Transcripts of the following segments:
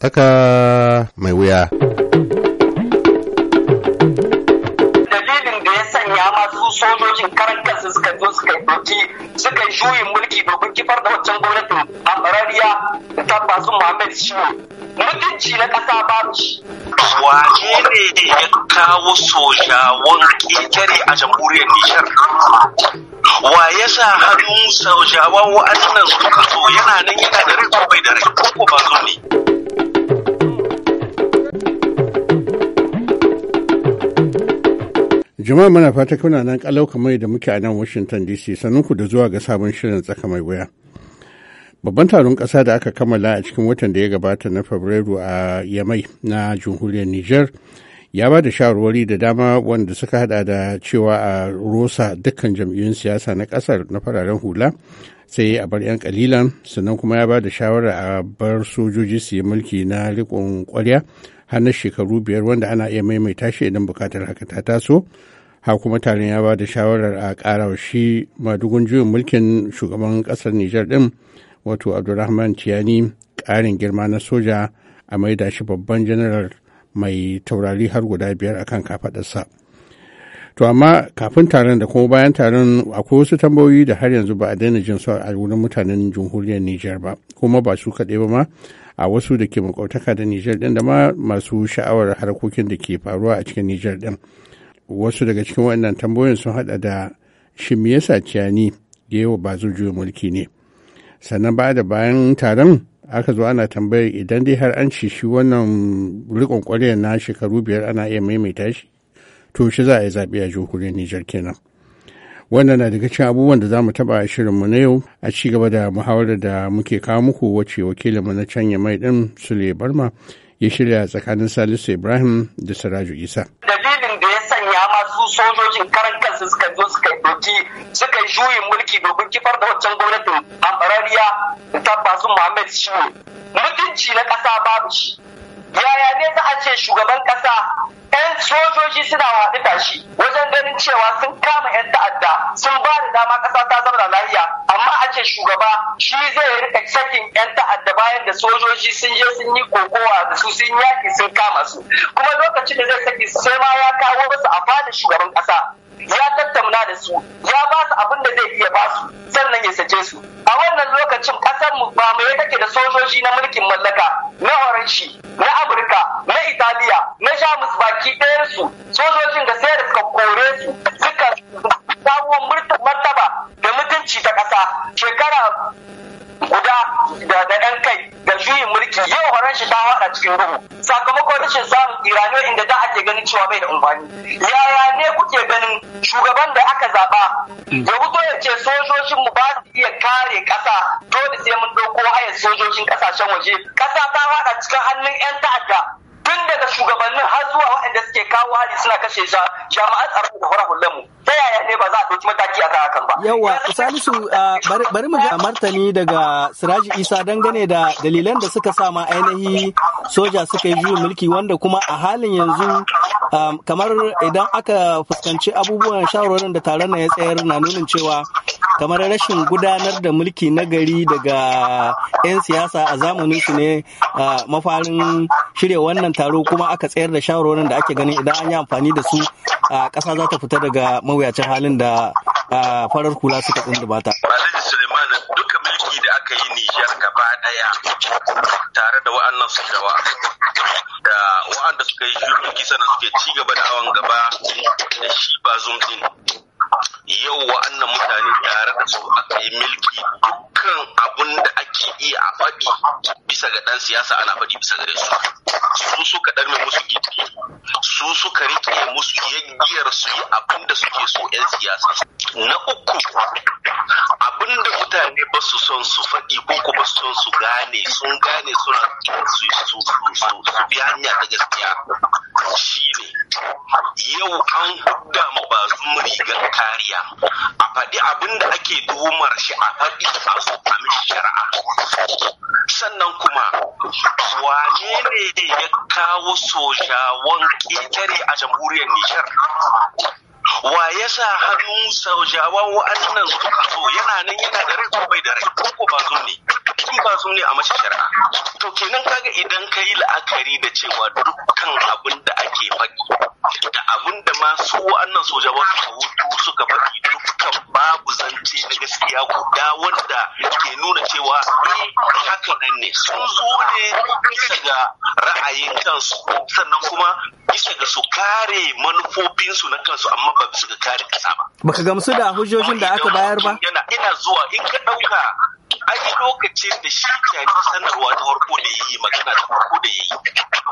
tsaka mai wuya. Dalilin da ya sanya masu sojojin karan kansu suka zo suka doki suka juyin mulki domin kifar da wancan gwamnatin ambarariya da tabbasu Muhammad Shiwu. Mutunci na ƙasa ba shi. Wane ne ya kawo sojawun ƙetare a jamhuriyar Nijar? wa ya sa hannun sojawan wa'annan suka zo yana nan yana da rai ko bai da rai ko ba zo ne. Jama'a muna fata kuna nan kalau kamar da muke a nan Washington DC ku da zuwa ga sabon shirin tsaka mai wuya. Babban taron ƙasa da aka kammala a cikin watan da ya gabata na Fabrairu a Yamai na Jamhuriyar Nijar ya ba da shawarwari da dama wanda suka hada da cewa a rosa dukkan jam'iyyun siyasa na ƙasar na fararen hula sai a bar 'yan kalilan sannan kuma ya ba da shawara a bar sojoji su yi mulki na riƙon kwarya har na shekaru biyar wanda ana iya maimaita shi idan bukatar haka ta taso ha kuma taron ya ba da shawarar a kara shi madugun juyin mulkin shugaban kasar Nijar din wato Abdulrahman Tiyani ƙarin girma na soja a maida shi babban janaral mai taurari har guda biyar akan kafaɗarsa. To amma kafin taron da kuma bayan taron akwai wasu tambayoyi da har yanzu ba a daina jin su a wurin mutanen jamhuriyar Nijar ba kuma ba su kaɗai ba ma a wasu da ke makwautaka da Nijar din da ma masu sha'awar harkokin da ke faruwa a cikin Nijar din. wasu daga cikin wannan tambayoyin sun hada da shi me yasa ciyani da yawa ba juya mulki ne sannan ba da bayan taron aka zo ana tambayar idan dai har an ci shi wannan rikon kwaryar na shekaru biyar ana iya maimaita shi to shi za a yi zaɓe a jihohin Nijar kenan. Wannan na daga cikin abubuwan da za mu taɓa a shirinmu na yau a ci gaba da muhawarar da muke kawo muku wacce wakilinmu na can ya mai ɗin Sule Barma ya shirya tsakanin Salisu Ibrahim da Siraju Isa. Dalilin da su sojojin karan kansu suka zo suka doki suka yi juyin mulki domin kifar da wancan gwamnatin amfarariya ta basu muhammad shiwo mutunci na ƙasa babu shi yaya ne za a ce shugaban kasa yan sojoji suna haɗu tashi wajen ganin cewa sun kama yan ta'adda sun ba da dama ƙasa ta zama lafiya amma a ce shugaba shi zai rika sakin yan ta'adda bayan da sojoji sun je sun yi kokowa da su sun yaƙi sun kama su kuma lokacin da zai saki sai ma ya kawo musu a fada shugaban ƙasa. ya tattauna da su ya ba su abin da zai iya ba su sannan ya sace su a wannan lokacin kasar mu ba mai take da sojoji na mulkin mallaka na oranshi na amurka na italiya na jamus baki ɗayan su sojojin da sai da suka kore su suka samu martaba da mutunci ta ƙasa shekara guda da da ɗan kai da juyin mulki yau horon ta haɗa cikin ruhu sakamakon rashin samun iraniyo inda za a ke ganin cewa bai da amfani yaya ne kuke ganin shugaban da aka zaba mm. ya wuto ya ce sojojin mu ba su iya kare kasa dole sai mun dauko hayar sojojin kasashen waje kasa ta fada cikin hannun yan ta'adda tun daga shugabannin har zuwa waɗanda suke kawo hari suna kashe jami'an tsaro da horar mu ta yaya ne ba za a ɗauki mataki a hakan ba. Yawa Salisu ah, bari mu ga martani daga Siraji Isa dangane da dalilan da suka sa ma ainihi soja suka yi juyin mulki wanda kuma a halin yanzu Um, kamar idan aka fuskanci abubuwan shawarwarin da taron na ya tsayar na nunin cewa kamar rashin gudanar da mulki na gari daga 'yan siyasa a zamanin su ne uh, mafarin shirya wannan taro kuma aka tsayar da shawarwarin da ake ganin idan an yi amfani da su a uh, ƙasa za ta fita daga mawuyacin halin da uh, farar kula suka tsundubata. Alhaji Suleiman da aka yi gaba daya tare da wa'annan sojawa da wa'anda suka yi shirin kisa na suke ci gaba da awon gaba da shi ba zum din yau wa'annan mutane tare da su aka yi milki dukkan abun da ake iya faɗi bisa ga ɗan siyasa ana faɗi bisa gare su ya kariya a faɗi abin da ake tuhumar shi a faɗi a zo shari'a sannan kuma wane ne ya kawo sojawan ƙetare a jamhuriyar nishar wa ya sa hannun sojawan wa'annan suka so? yana nan yana da rai ko bai da rai ko ba zo ne in ba zo ne a mashi shari'a to kenan kaga idan ka yi la'akari da cewa dukkan abin da ake faɗi da abin da ma su wa'annan soja ba su hutu suka faɗi dukkan babu zance na gaskiya guda wanda ke nuna cewa eh, haka nan ne sun zo ne bisa ga ra'ayin kansu sannan kuma bisa ga su kare manufofinsu na kansu amma ba bisa ga kare kasa ba. Baka gamsu da hujjojin da aka bayar ba? Yana ina zuwa in ka ɗauka a lokacin da shi jari sanarwa ta farko da ya yi magana ta farko da ya yi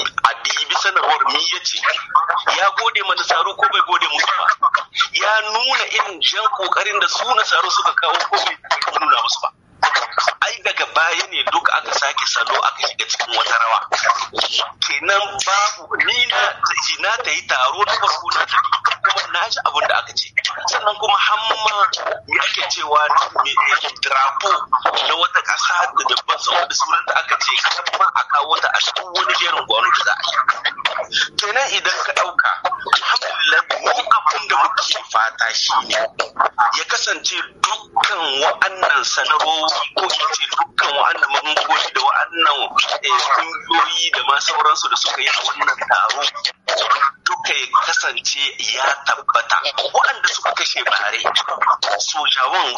a dibi sanarwar mi ya ce ya gode ma nasaru ko bai gode musu ba ya nuna irin jan kokarin da su nasaru suka kawo ko bai nuna musu ba ai daga baya ne duk aka sake salo aka shiga cikin wata rawa kenan babu ni na na ta yi taro na farko na ta kuma na ji abin da aka ce sannan kuma hamma ya ke cewa drapo na wata kasa da dabban saboda da sunan da aka ce kuma a kawo ta a cikin wani jerin gwanu da za a yi kenan idan ka ɗauka alhamdulillah mu abin da muke fata shi ne sojawan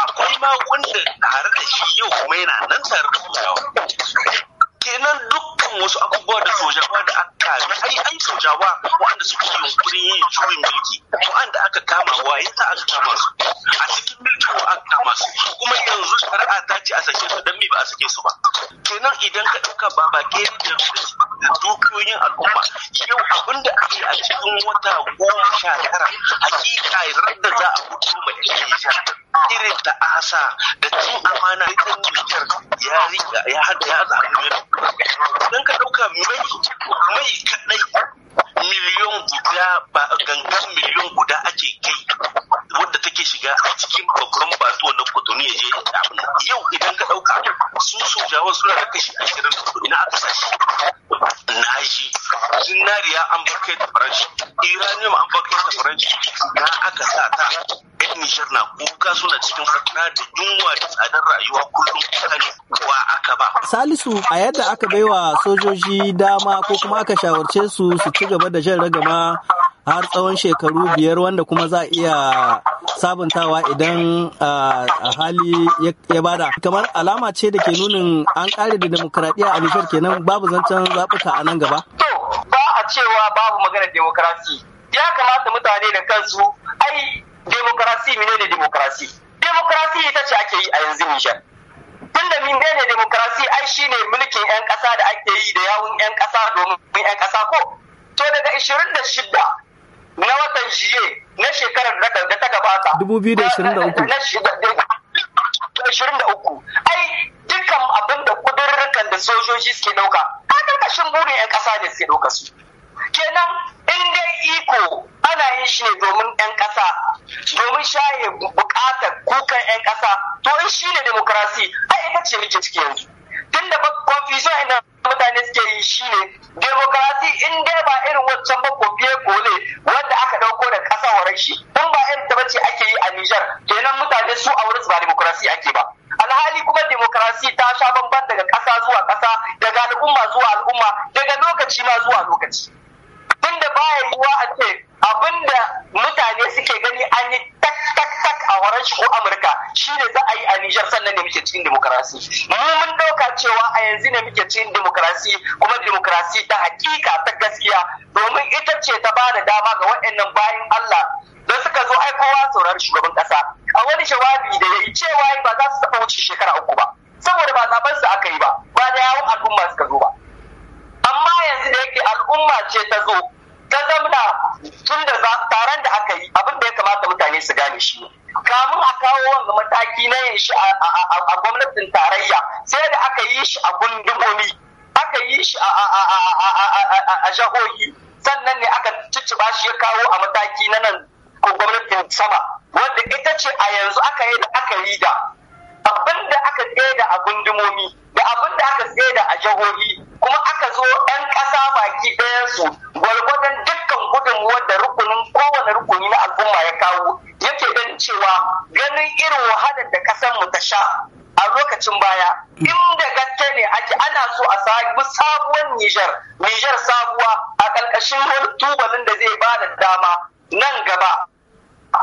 akwai ma wanda tare da shi yau kuma yana nan tare da sojawan kenan dukkan wasu abubuwa da sojawa da aka kame ai ai sojawa wanda suke yunkurin yin juyin mulki wanda aka kama waye ta aka kama su a cikin mulkin wa aka kama su kuma yanzu shari'a ta ce a sake su dan me ba a sake su ba kenan idan ka ɗauka ba ba ke da dukiyoyin al'umma yau abin da ake a cikin wata goma sha tara hakika da za a fito mai nijar irin da asa da cin amana da nijar ya riga ya hada ya zaɓi don ka ɗauka mai mai kaɗai miliyon guda ba gangan miliyon guda ake kai wadda take shiga a cikin babban bato na kotoni ya je yau idan ka ɗauka su sojawa suna da kashi ashirin talaka suna cikin fata da yunwa da tsadar rayuwa kullum kan wa aka ba. Salisu a yadda aka baiwa sojoji dama ko kuma aka shawarce su su ci gaba da jan ragama har tsawon shekaru biyar wanda kuma za a iya sabuntawa idan a hali ya bada kamar alama ce da ke nunin an kare da demokaradiyya a Nijar kenan babu zancen zaɓuka a nan gaba to ba a cewa babu maganar demokrasi ya kamata mutane da kansu ai mine ne demokrasi demokrasi ita ce ake yi a yanzu Nijar tunda ne demokrasi ai shine mulkin yan kasa da ake yi da yawun yan kasa domin yan kasa ko to daga 26 na watan jiye na shekarar da ta gabata 2023 23 ai dukkan abin da kudurrukan da sojoji suke dauka a karkashin burin 'yan kasa ne suke dauka su kenan wannan iko ana yin shi ne domin 'yan ƙasa domin shaye buƙatar kukan 'yan ƙasa to in shi ne demokrasi ai ita ce muke ciki yanzu tun da confusion ina mutane suke yi shi ne demokrasi in dai ba irin waccan ba kofiye kole wanda aka ɗauko da ƙasa wa shi in ba irin ta bace ake yi a Nijar kenan mutane su a wurin ba demokrasi ake ba alhali kuma demokrasi ta sha bamban daga ƙasa zuwa ƙasa daga al'umma zuwa al'umma daga lokaci ma zuwa lokaci abin da baya yiwa a ce abin da mutane suke gani an yi tak tak tak a horon shi ko amurka shi ne za a yi a nijar sannan ne muke cikin demokarasi mu mun dauka cewa a yanzu ne muke cikin demokarasi kuma demokarasi ta hakika ta gaskiya domin ita ce ta ba da dama ga waɗannan bayan allah da suka zo ai kowa tsoron shugaban kasa a wani jawabi da ya yi cewa ba za su taɓa wuce shekara uku ba saboda ba zaɓen su aka yi ba ba da yawon al'umma suka zo ba amma yanzu da yake al'umma ce ta zo tun da taron da aka yi abin da ya kamata mutane su gane shi kamun a kawo wanga mataki na yin shi a gwamnatin tarayya sai da aka yi shi a gundumomi aka yi shi a jahohi sannan ne aka cicciba shi ya kawo a mataki na nan ko gwamnatin sama wanda ita ce a yanzu aka yi da aka yi da abin da aka tseda a gundumomi da abin da aka tseda a jahohi kuma aka zo 'yan ƙasa baki ɗayansu gwargwadon duk gudunmuwar da rukunin kowane rukuni na al'umma ya kawo yake ganin cewa ganin irin wahalar da kasar mu ta sha a lokacin baya inda gaske ne ake ana so a sabu sabuwar Nijar Nijar sabuwa a ƙarƙashin wani tubalin da zai bada dama nan gaba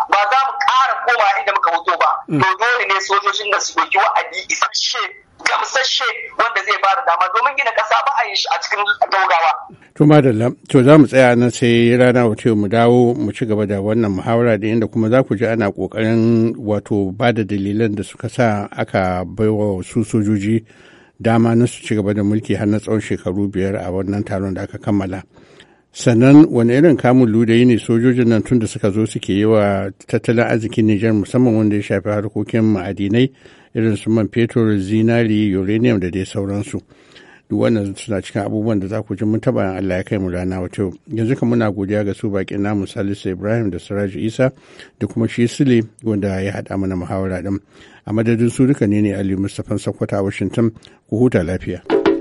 ba za mu ƙara koma inda muka fito ba mm. to dole ne sojojin da su ɗauki wa'adi isasshe gamsashe wanda zai fara dama domin gina ƙasa ba a yi shi a cikin gaugawa. To madalla, to za mu tsaya nan sai rana otal mu dawo mu ci gaba da wannan muhawara da inda kuma za ku ji ana ƙoƙarin wato ba da dalilan da suka sa aka wa su sojoji dama na su ci gaba da mulki har na tsawon shekaru biyar a wannan taron da aka kammala. sannan wani irin kamun ludayi ne sojojin nan tun da suka zo suke yi wa tattalin arzikin Nijar musamman wanda ya shafi harkokin ma'adinai irin su man fetur zinari uranium da dai sauransu duk wannan suna cikin abubuwan da za ku ji mun taba Allah ya kai mu rana wata yanzu kan muna godiya ga su bakin namu Salisu Ibrahim da Siraj Isa da kuma shi Sule wanda ya hada mana muhawara din a madadin su duka ne ne Ali Mustapha Sokoto a Washington ku huta lafiya.